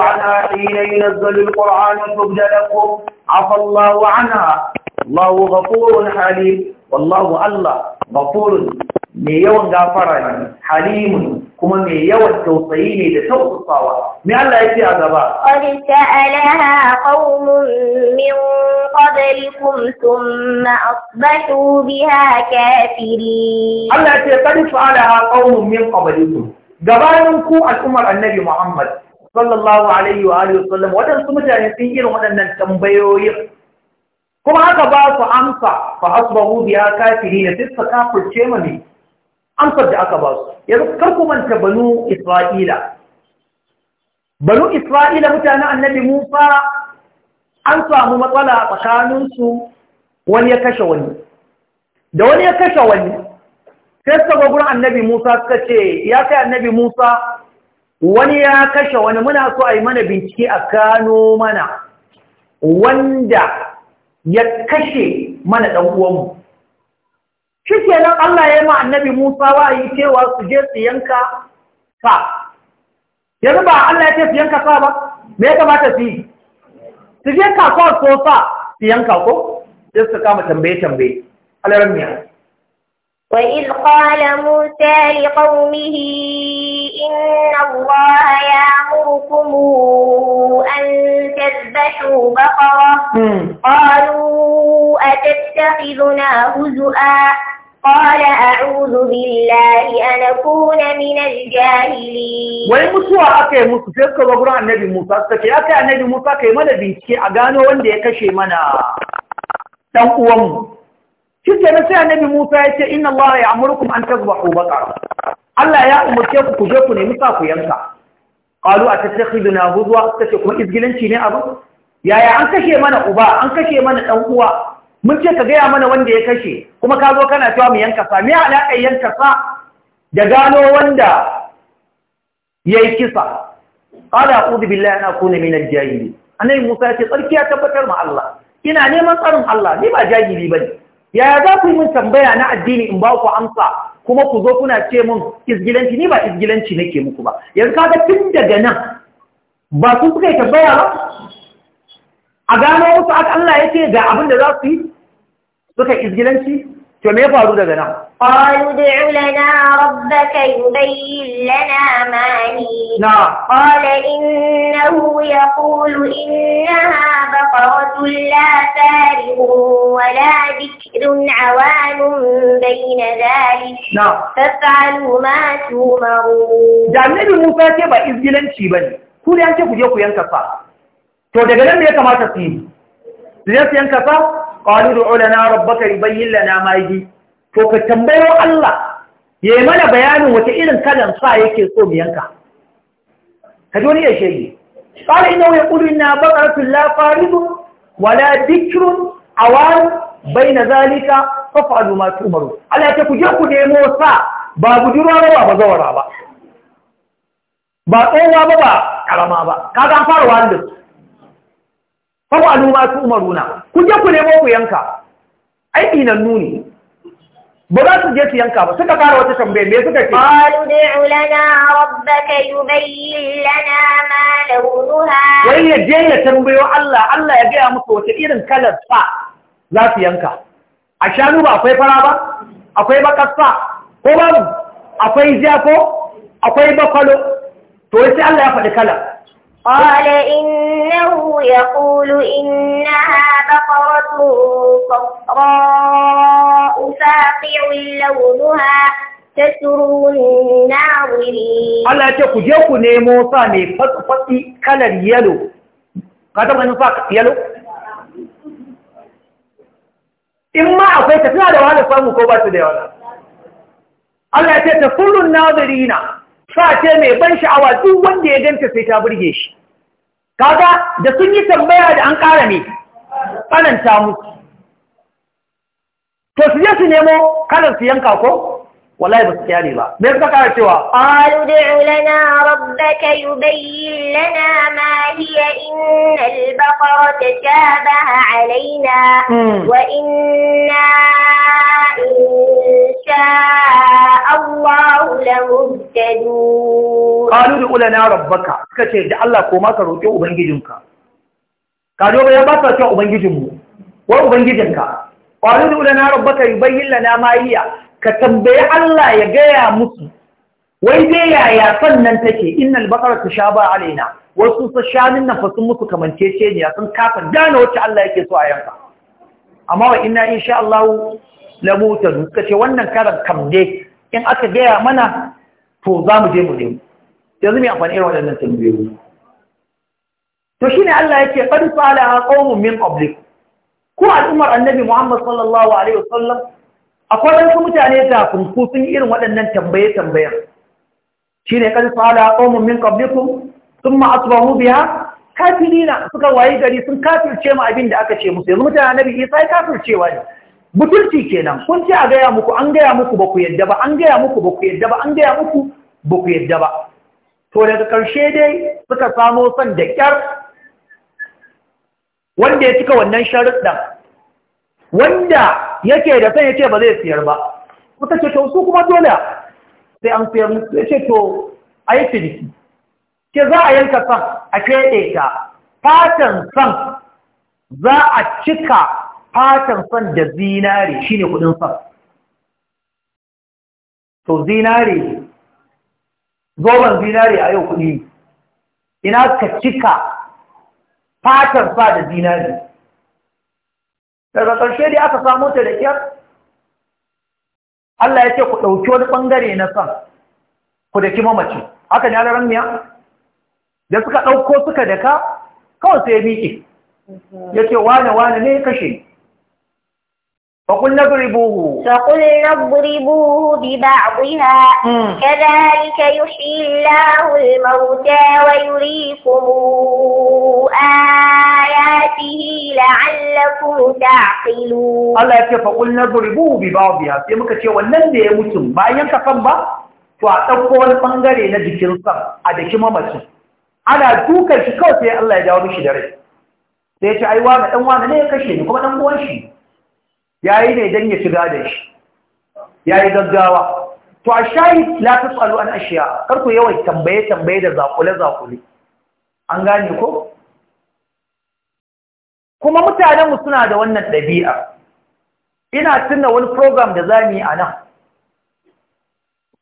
na yi na zalil ƙwar'an tubda lakum a fallawa wa ana Allahu gafurun halim wallahu Allah gafurun ne yawan gafara ne halimun kuma mai yawan tausayi ne da tausasawa me Allah yake a gaba qad ta'alaha qaumun min qablikum thumma asbahu biha kafirin Allah yake qad fa'alaha qaumun min qablikum gabanin ku al'ummar annabi Muhammad sallallahu alaihi wa alihi wasallam wadansu mutane sun irin waɗannan tambayoyi kuma aka ba su amsa fa asbahu biha kafirin sai suka kafirce mu amsar da aka ba su yanzu kar banu isra'ila banu isra'ila mutanen annabi musa an samu matsala tsakaninsu wani ya kashe wani da wani ya kashe wani sai ga gurin annabi musa suka ce ya kai annabi musa wani ya kashe wani muna so a yi mana bincike a kano mana wanda ya kashe mana ɗan'uwanmu shi kenan Allah ya yi ma annabi Musa wa'ayi cewa su je su yanka sa yanzu ba Allah ya ce su yanka sa ba me ya kamata su yi su je kasuwa so sa su yanka ko sai su kama tambaye tambaye alaran miya وإذ قال موسى لقومه إن الله يأمركم أن تذبحوا بقرة قالوا أتتخذنا هزؤا قال أعوذ بالله أن أكون من الجاهلين wai mutuwa aka yi musu sai suka gurin annabi Musa suka ce aka annabi Musa kai mana bincike a gano wanda ya kashe mana dan uwanmu kike sai annabi Musa ya ce inna Allah ya'murukum an tazbahu baqara Allah ya umurce ku ku je ku nemi sa ku yanka qalu atattakhiduna huzwa suka ce kuma izgilanci ne yaya an kashe mana uba an kashe mana dan uwa mun ce ka gaya mana wanda ya kashe kuma ka zo kana cewa mu yanka sa me alaƙar yanka sa da gano wanda ya yi kisa ƙala ƙudu billahi na kuna minar jahili musa ya ce tsarki ya tabbatar ma Allah ina neman tsarin Allah ni ba jahili ne. yaya za ku yi min tambaya na addini in ba ku amsa kuma ku zo kuna ce min izgilanci ni ba izgilanci nake muku ba yanzu kaga tun daga nan ba su suka yi tambaya ba a gano wasu aka Allah ya ce ga abin da za su yi suka izgilanci to me ya faru daga nan qalu du'u lana rabbaka yubayyin lana ma hi na qala innahu yaqulu innaha baqaratun la farihu wa la bikrun awanun bayna dhalik na fa'alu ma tumaru da annabi Musa ce ba izgilanci bane ku ne an ce ku je ku yanka fa to daga nan me ya kamata su yi su yanka fa qalu Ola lana rabbaka yubayyin lana ma to ka tambayo Allah yayi mana bayanin wace irin kalan sa yake so mu yanka ka ji wani ya shege qala innahu yaqulu inna baqaratun la wala dhikrun awar baina zalika fafalu ma tumaru Allah ya ku je ku nemo sa ba budurwa ba ba zawara ba ba tsohuwa ba ba karama ba kaga an fara wani fahu aluma su umaruna ku je ku nemo ku yanka aiki nan nuni ba za su je su yanka ba suka fara wata tambaye me suka ce qalu du'u lana rabbaka yubayyin lana ma launuha wai ya je ya tambayo Allah Allah ya gaya musu wata irin kalar fa za su yanka a shanu ba akwai fara ba akwai bakar fa ko babu akwai ja ko akwai bakwalo to sai Allah ya faɗi kalar قال إنه يقول إنها بقرة صفراء فاقع لونها تسر الناظرين الله يقول جوكو نيمو صاني فتفتي كالر يلو قدر أن نفاق يلو إما أفيت تنا لو هذا فهمه كوبات ديوانا الله يقول تسر الناظرين sace mai ban sha'awa duk wanda ya ganta sai ta burge shi kaga da sun yi tambaya da an ƙara ne tsananta musu to su je su nemo kalar su yanka ko والله بس كياني با ميرتا كاية شوا قالوا دعوا لنا ربك يبين لنا ما هي إن البقرة شابها علينا وإنا إن شاء الله لمهتدون قالوا دعوا لنا ربك يبين لنا ما هي ka tambayi Allah ya gaya musu wai dai yaya sannan take innal baqara tushaba alaina wasu su shanin nan fa sun musu kamanceceniya sun kafa gane wacce Allah yake so a yanka amma wa inna insha Allah la duka, kace wannan karan kamde in aka gaya mana to za mu je mu nemo yanzu mai amfani irin waɗannan tambayoyi to shine Allah yake qad salaha qaumun min qablik ko al'ummar annabi Muhammad sallallahu alaihi wasallam akwai wasu mutane da kunku sun yi irin waɗannan tambaye tambayen shine fa’ala a qawmun min qablikum thumma asbahu biha kafirina suka wayi gari sun kafirce mu abin da aka ce musu yanzu mutane annabi Isa ya kafircewa ne butulci kenan kun ce a gaya muku an gaya muku ba ku yadda ba an gaya muku ba ku yadda ba an gaya muku ba ku yadda ba to daga ƙarshe dai suka samo son da kyar? wanda ya cika wannan shararɗar. wanda yake da san yace ba zai siyar ba kuka ce to su kuma dole sai an siyar mutu yace to ayi ciniki ke za a yanka san a kede ta fatan san za a cika fatan san da zinare shine kudin san to zinare zoban zinare a yau kudi ina ka cika fatan sa da zinare daga ƙarshe dai aka samu ta da kyar Allah ya ce ku ɗauki wani ɓangare na san ku da kima mace haka ne alaran miya da suka ɗauko suka da ka kawai sai ya miƙe ya ce wane wane ne ya kashe فقلنا اضربوه فقلنا اضربوه ببعضها كذلك يحيي الله الموتى ويريكم آياته لعلكم تعقلون الله يكفى فقلنا اضربوه ببعضها sai muka ce wannan da ya mutum bayan kafan ba to a ɗauko wani ɓangare na jikinsa a daki mamacin ana dukar shi kawai sai Allah ya dawo mishi da rai sai ya ce ɗan ne ya kashe ni kuma ɗan shi Ya yi ne dan ya shiga da shi yayi gaggawa to a shayi la tsalu an ashiya kar ku yawai tambaye tambaye da zakule zakule an gane ko kuma mutanen suna da wannan ɗabi'a ina tuna wani program da zamu yi a nan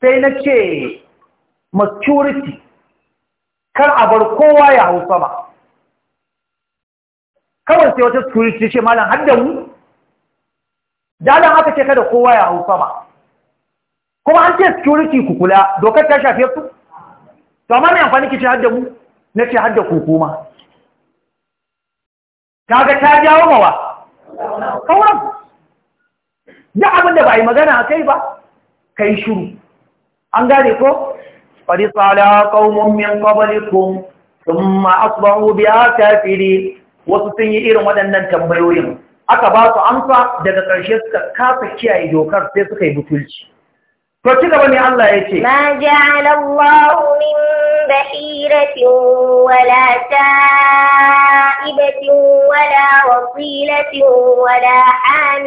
sai na ce maturity kar a bar kowa ya hau sama kawai sai wata security ce malam da mu dalan aka ce kada kowa ya hau sama kuma an ce security ku kula dokar ta shafe su. to amma mai amfani kici hadda mu na ce hadda ku kuma kaga ta jawo mawa sauran da abin da ba yi magana a kai ba kai shiru an gane ko qad sala min qablikum thumma asbahu ta kafirin wasu sun yi irin waɗannan tambayoyin aka ba su amsa daga ƙarshe suka kasa kiyaye dokar sai suka yi butulci فكذا من الله يتي ما جعل الله من بحيرة ولا تائبة ولا وصيلة ولا حام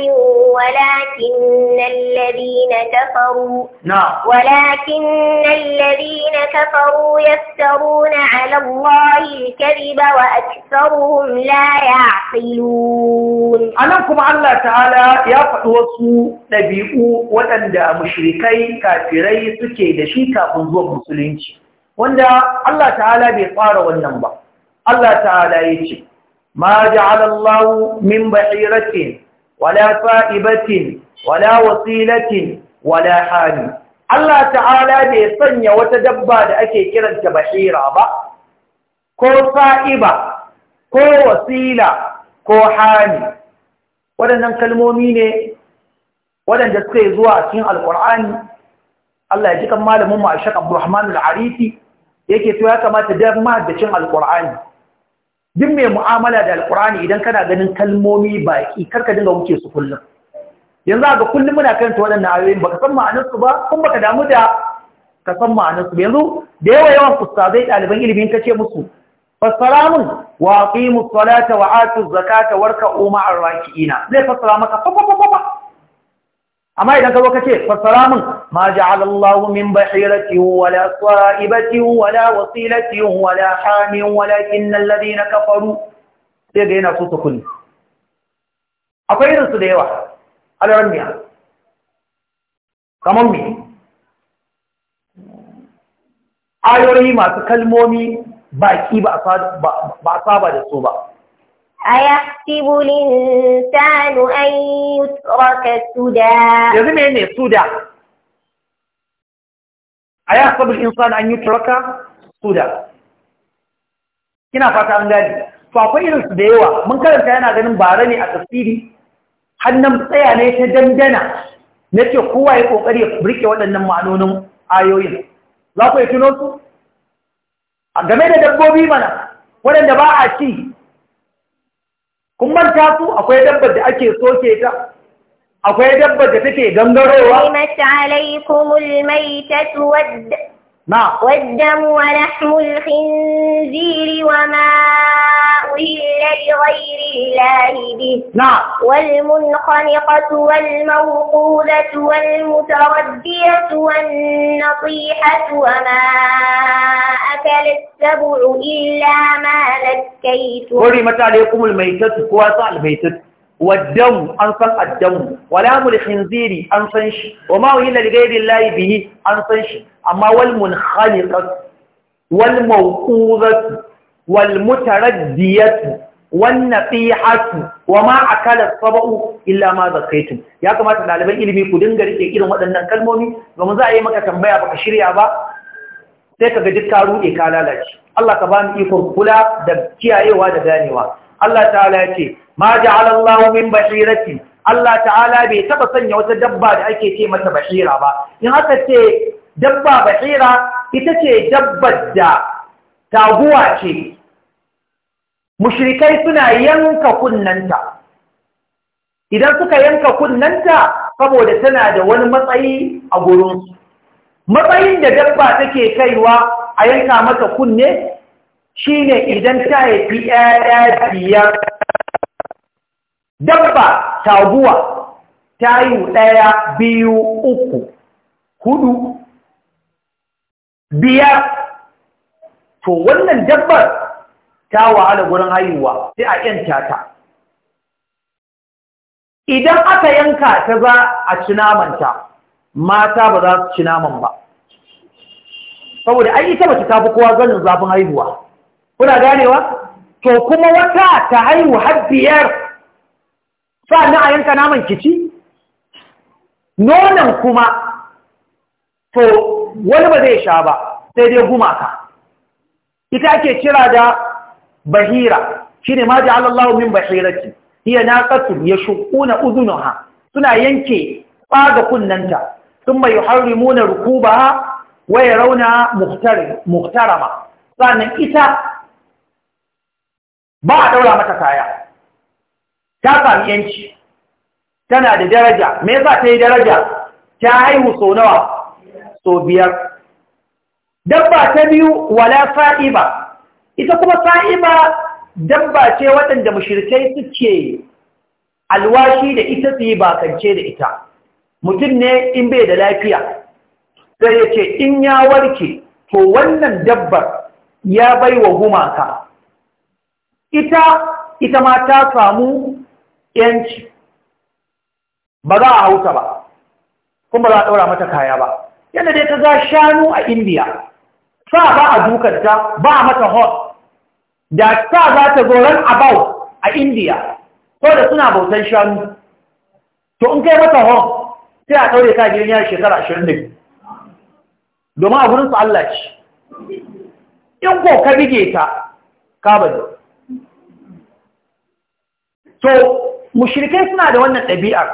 ولكن الذين كفروا نعم ولكن الذين كفروا يفترون على الله الكذب وأكثرهم لا يعقلون أنكم الله تعالى يفعل وصو نبيه وأندى مشركين kafirai suke da shi kafin zuwan musulunci wanda Allah ta'ala bai fara wannan ba Allah ta'ala ya ce ma ja'alallahu min bahiratin wala fa'ibatin wala wasilatin wala hani Allah ta'ala bai sanya wata dabba da ake kiranta bahira ba ko fa'iba ko wasila ko hani waɗannan kalmomi ne waɗanda suke zuwa zuwa cikin alƙur'ani Allah ya ji kan malamin mu Ashaq Abdulrahman al-Arifi yake to ya kamata da al alqur'ani duk mai mu'amala da alqur'ani idan kana ganin kalmomi baki karka dinga wuce su kullum yanzu ga kullum muna karanta waɗannan ayoyin baka san ma'anar su ba kun baka damu da ka san ma'anar su yanzu da yawa yawan ustazai ɗaliban ilimin kace musu fassara mun wa aqimu salata wa warka zakata warka'u ma'ar raki'ina zai fassara maka fa fa fa amma idan ka zo ce fassara min ma ja'ala Allah min bahiratin wala sa'ibatin wala wasilatin wala hamin walakin alladhina kafaru sai ga yana so ta kulli akwai irin su da yawa alarmiya kamar me ayoyi masu kalmomi baki ba a saba da su ba أيحسب الإنسان أن يترك سدى يزم يعني سدى أيحسب الإنسان أن يترك سدى kina fata an ذلك to akwai irinsu من da yawa mun karanta yana ganin bare ne a tafsiri hannan tsaya ne ta dandana ce kowa ya kokari ya rike waɗannan ma'anonin ayoyin za ku yi tuno su game da dabbobi mana waɗanda ba a ci kun manta su akwai dabbar da ake soke ta akwai dabbar da take gangarowa نعم والدم ولحم الخنزير وما أهل لغير الله به نعم والمنخنقة والموقوذة والمتردية والنطيحة وما أكل السبع إلا ما ذكيتم متى عليكم الميتة كواتا الميتة والدم أنصن الدم ولام الخنزير أنصن شي وما أهل لغير الله به أنصن شي أما والمنخلقة والموقوذة والمتردية والنقيحة وما أكل الصبع إلا ما ذكيتم يا كما تلالبين إلمي كدن غريك إلم ودن كلمومي ومن ذا أيما كتنبيا بكشريا با سيكا قدت كارو إيكالا لك الله كبان إيكور كلا دب كيا إيوا دبانيوا الله تعالى يتي ma ja'ala Allah min bashirati Allah ta'ala bai taba sanya wata dabba da ake ce mata bashira ba in haka ce dabba bashira ita ce dabbar da taguwa ce mushrikai suna yanka kunnanta idan suka yanka kunnanta saboda tana da wani matsayi a gurinsu matsayin da dabba take kaiwa a yanka mata kunne shine idan ta haifi 'ya'ya biyar dabba ta yi ɗaya biyu uku hudu biyar to wannan dabbar ta wahala gurin haihuwa sai a yanta ta idan aka yanka ta za a ci ta, mata ba za su ci naman ba saboda an yi ta ta fi kowa ganin zafin haihuwa kuna ganewa to kuma wata ta haihu har biyar ni a yanka naman kici nonon kuma to wani ba zai sha ba sai dai gumaka ita ake kira da bahira shi ne ma Allah min ya ya naqatun yashquna ha, suna yanke ɓaga kunnanta thumma yuharrimuna rukubaha waye rauna muhtarama sannan ita ba a ɗaura mata kaya ta sami yanci tana da daraja me yasa ta yi daraja ta haihu so nawa so biyar dabba ta biyu wala fa'iba ita kuma fa'iba dabba ce waɗanda mushirkai suke alwashi da ita su yi bakance da ita mutum ne in bai da lafiya sai ya ce in ya warke to wannan dabbar ya baiwa gumaka ita ita ma ta samu yanci ba za a hauta ba kuma ba za a ɗaura mata kaya ba yadda dai ta za shanu a indiya sa ba a dukanta ba a mata hot da sa za ta zoron about a indiya ko da suna bautan shanu to in kai mata hot sai a ɗaure ka gidan yari shekara ashirin da biyu domin a gurinsu Allah ce in ko ka bige ta ka bada mushrikai suna da wannan ɗabi'ar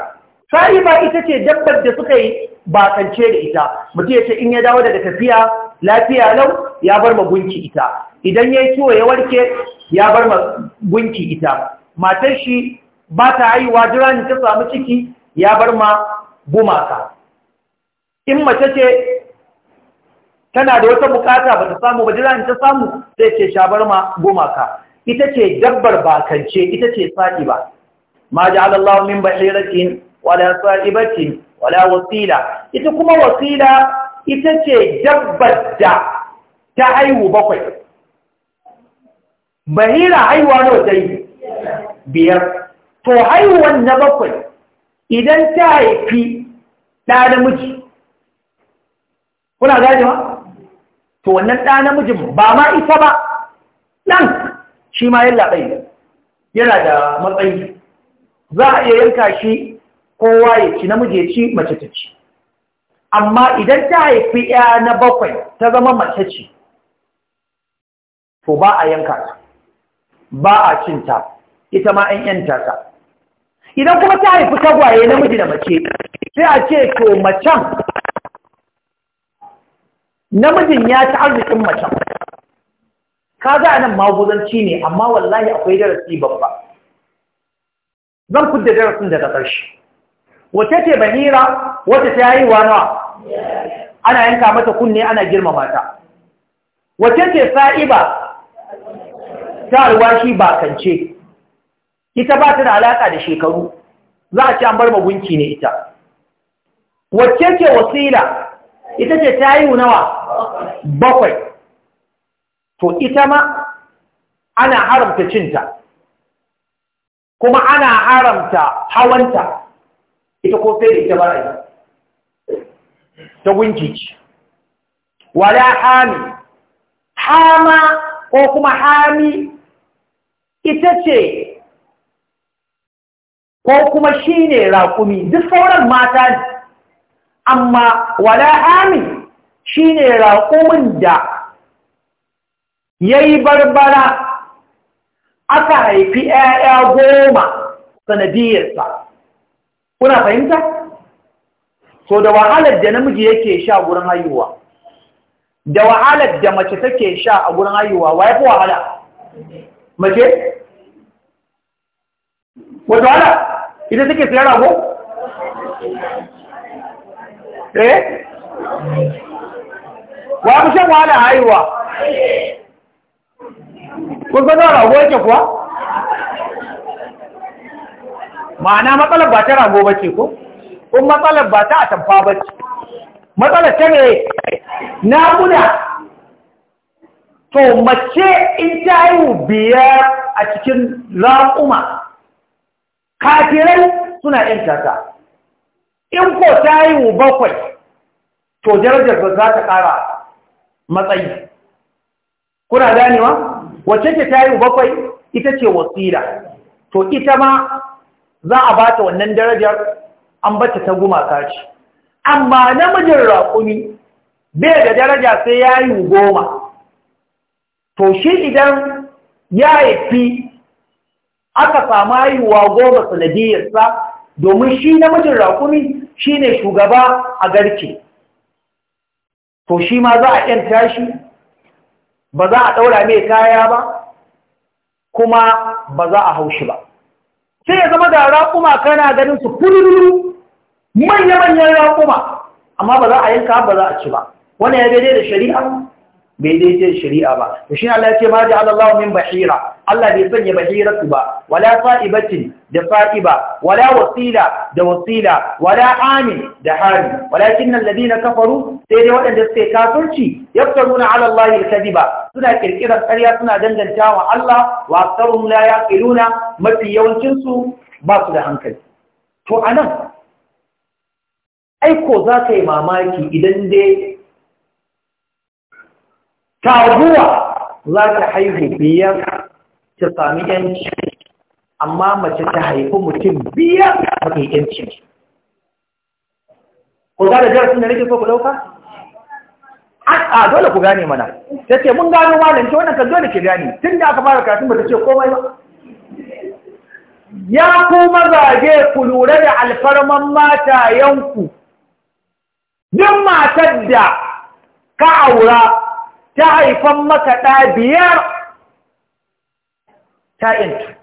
sa'iba ita ce dabbar da suka yi bakance da ita mutum ya ce in ya dawo daga tafiya lafiya lau ya bar ma gunki ita idan ya yi ciwo ya warke ya bar ma gunki ita matar shi ba ta haihuwa jirani ta samu ciki ya bar ma gumaka in mace ce tana da wata bukata ba ta samu ba jirani ta samu sai ce sha bar ma gumaka ita ce dabbar bakance ita ce sa'i ba ma ja'ala Allah min bahiratin wala sa'ibatin wala wasila ita kuma wasila ita ce dabbar ta haihu bakwai bahira haihuwa ne ta yi biyar to haihuwan na bakwai idan ta haifi ɗa namiji kuna gane ma to wannan ɗa namijin ba ma isa ba Ɗan. shi ma yalla bai yana da matsayi za a iya yanka shi kowa ya ci namiji ya ci mace ta ci amma idan ta haifi ya na bakwai ta zama mace ce to ba a yanka ta ba a cinta ita ma an yanta ta idan kuma ta haifi tagwaye namiji da mace sai a ce to macen namijin ya ci arzikin macen ka za a nan maguzanci ne amma wallahi akwai darasi babba zan kudda darasin daga ƙarshe wace ce bahira wace ta yi wa ana yanka mata kunne ana girmama ta wace ce sa'iba ta alwashi kance ita ba ta da alaƙa da shekaru za a ci an bar magunki ne ita wace ce wasila ita ce ta yi nawa bakwai to ita ma ana haramta cinta kuma ana haramta hawanta ita ko sai da ita ba rai ta gunki ce wala hami hama ko kuma hami ita ce ko kuma shi ne raƙumi duk sauran mata ne amma wala hami shi ne raƙumin da ya yi barbara aka haifi ‘ya'ya goma sanadiyarsa kuna fahimta? so da wahalar da namiji yake sha gurin haihuwa da wahalar da mace take sha a gurin haihuwa wa ya fi wahala? mace? wata wahala ita take siya rago? eh? wa fi shan wahala haihuwa? kun san rago yake kuwa ma'ana matsalar ba ta rago ba ko kun matsalar ba ta atamfa ba matsalar ta ne na guda to mace in ta yi biyar a cikin ra'uma, kafirai suna ‘yan tata in ko ta yi bakwai to darajar ba za ta ƙara matsayi kuna ganewa wacce ce ta yi bakwai ita ce wasila to ita ma za a ba ta wannan darajar an bata ta gumaka ce amma namijin raƙumi bai da daraja sai ya yi goma to shi idan ya fi aka samu haihuwa goma sanadiyarsa domin shi namijin raƙumi shi ne shugaba a garke to shi ma za a ƙyanta shi ba za a ɗaura mai kaya ba kuma ba za a haushi ba sai ya zama da raƙuma kana ganin su fururu, manya-manyan raƙuma amma ba za a yanka ba za a ci ba wani ya daidai da shari'a bai daidai da shari'a ba to shi Allah ya ce ma ja'ala Allahu min bahira Allah bai sanya bahiratu ba wala sa'ibatin da fa'iba wala wasila da wasila wala amin da hami walakin alladhina kafaru sai dai waɗanda suke kafirci yaftaruna ala Allah al-kadhiba suna kirkirar ƙarya suna danganta wa Allah wa aktsaruhum la iluna mafi yawancinsu su ba su da hankali to anan aiko za ka yi mamaki idan dai taguwa za ta haihu biyar ta sami yanci amma mace ta haifi mutum biyar ta yanci ko za da jarasin da nake so ku ɗauka a dole ku gane mana ta ce mun gano malin ce wannan kan dole ke gane tun da aka fara karatun ba ce komai ba ya kuma zage ku lura da alfarman mata yanku duk matar da ka aura ta haifan maka ɗa biyar ta yanki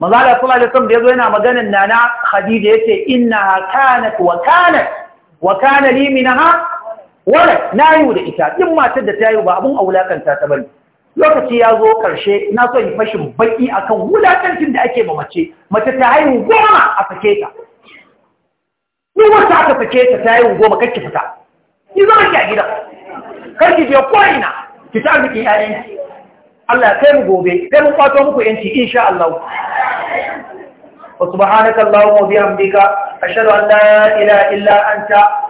mazalar sallallahu da sun da ya zo yana maganin nana khadija yace inna kanat wa kanat wa kanali li ha? wala na yi da ita din matar da ta yi ba abun a wulakanta ta bari. lokaci ya zo karshe na so yi fashin baki akan wulakancin da ake ma mace mace ta haihu goma a sake ta ni wata aka sake ta ta haihu goma kake fita ki zama ki a gidan karki je ko ina ki ta miki yayin Allah kai mu gobe kai mu kwato muku yanci insha Allah wa subhanaka allahumma wa bihamdika ashhadu an la ilaha illa anta